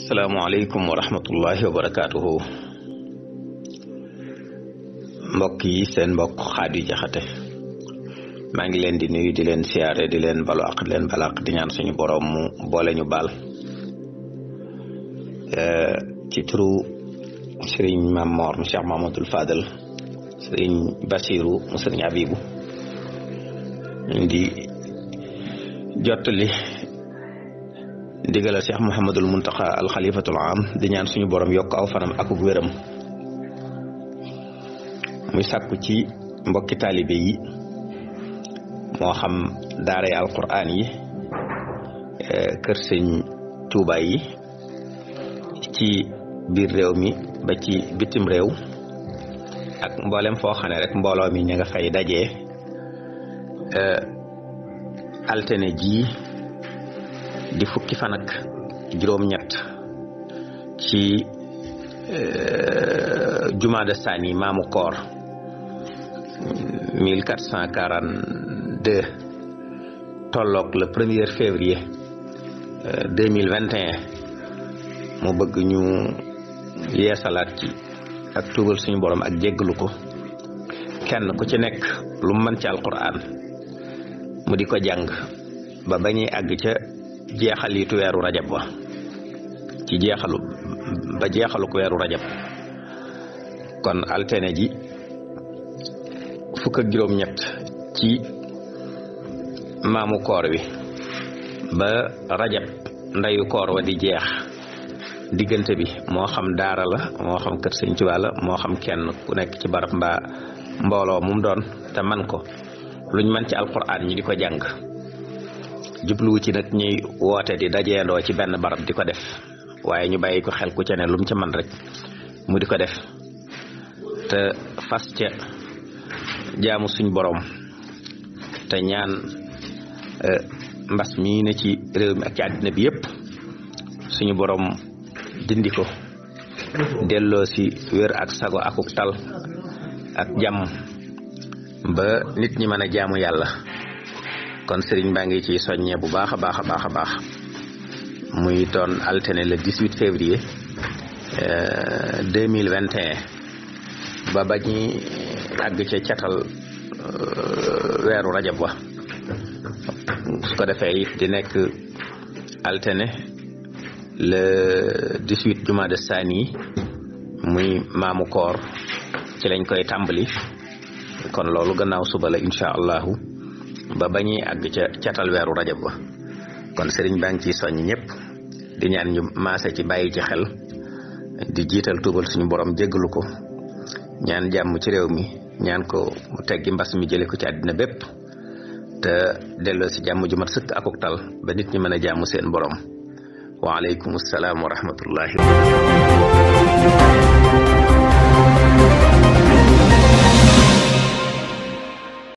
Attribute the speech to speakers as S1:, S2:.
S1: asalaamaaleykum wa rahmatullahi wa barakaatuhu mbokk yi seen mbokk Xaadi Jaxate maa ngi leen di nuyu di leen siyaare di leen balu di leen balaq di ñaan suñu boroom mu boole ñu baal eh, ci turu sëriñ Mam Mor mu Cheikh Mamadul Fadal Basiru mu sëriñ Abibu di jottali ndigalal cheikh Mouhamadul Muntaqa al xalifatul am di ñaan suñu borom yokk aw fanam ak wéram muy sàkku ci mbokki taalibe yi moo xam daaray alquran yi e, kër sëñ Tuuba yi ci biir réew mi ba ci bitim réew ak mboolem foo xam ne rek mbooloo mi ña nga fay dajee altine di fukki fan ak juróom-ñett ci euh, jumaada saani maamu koor 1442 tolloog le premier février 2021 euh, mu bëgg ñu yeesalaat ci ak tuubal suñu borom ak jéggalu ko kenn ku ci nekk lu mu mën ci alquran mu di ko jàng ba bañuy àgg ca jeexalitu weeru rajab wa ci jeexalu ba jeexaluk weeru rajab kon altine ji fukk juróom-ñett ci maamu koor wi ba rajab ndeyu koor wa di jeex diggante bi moo xam daara la moo xam kër sëñ Tuubaa la moo xam kenn ku nekk ci barab mbaa mbooloo mum doon te man ko luñ man ci alquran ñi di ko jàng jubluwu ci nag ñuy woote di dajeendoo ci benn barab di ko def waaye ñu bàyyi ko xel ku ca ne lu mu ca man rek mu di ko def te fas ca jaamu suñ borom te ñaan eh, mbas mii ne ci réew mi ak ci àddina bi yépp suñu borom dindi ko delloo si wér ak sago akuk tal ak jàmm ba nit ñi mën a jaamu yàlla kon sëriñ baa ngi ci soññee bu baax a baax a baax a baax muy doon altine le 18 février 2021 euh, ba ba ñuy àgg ca catal euh, weeru rajab wa su ko defee di nekk altine le 18 juma de saani muy maamu koor ci lañ koy tàmbali kon loolu gannaaw suba la incha allahu ba ba ñuy àgg ca catal weeru rajab ba kon sëriñ baa ngi ciy soññ ñëpp di ñaan ñu maase ci bàyyi ci xel di jiital tuubal suñu borom jéggalu ko ñaan jàmm ci réew mi ñaan ko mu teggi mbas mi jële ko ci àddina bépp te delloo si jàmm ju mat sëkk akuk tal ba nit ñi mën a jàmm seen borom waaleykum salaam wa rahmatullahi